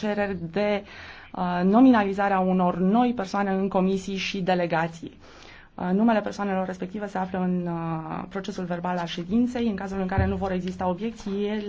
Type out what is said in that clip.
cereri de uh, nominalizarea unor noi persoane în comisii și delegații. Uh, numele persoanelor respective se află în uh, procesul verbal al ședinței. În cazul în care nu vor exista obiecții,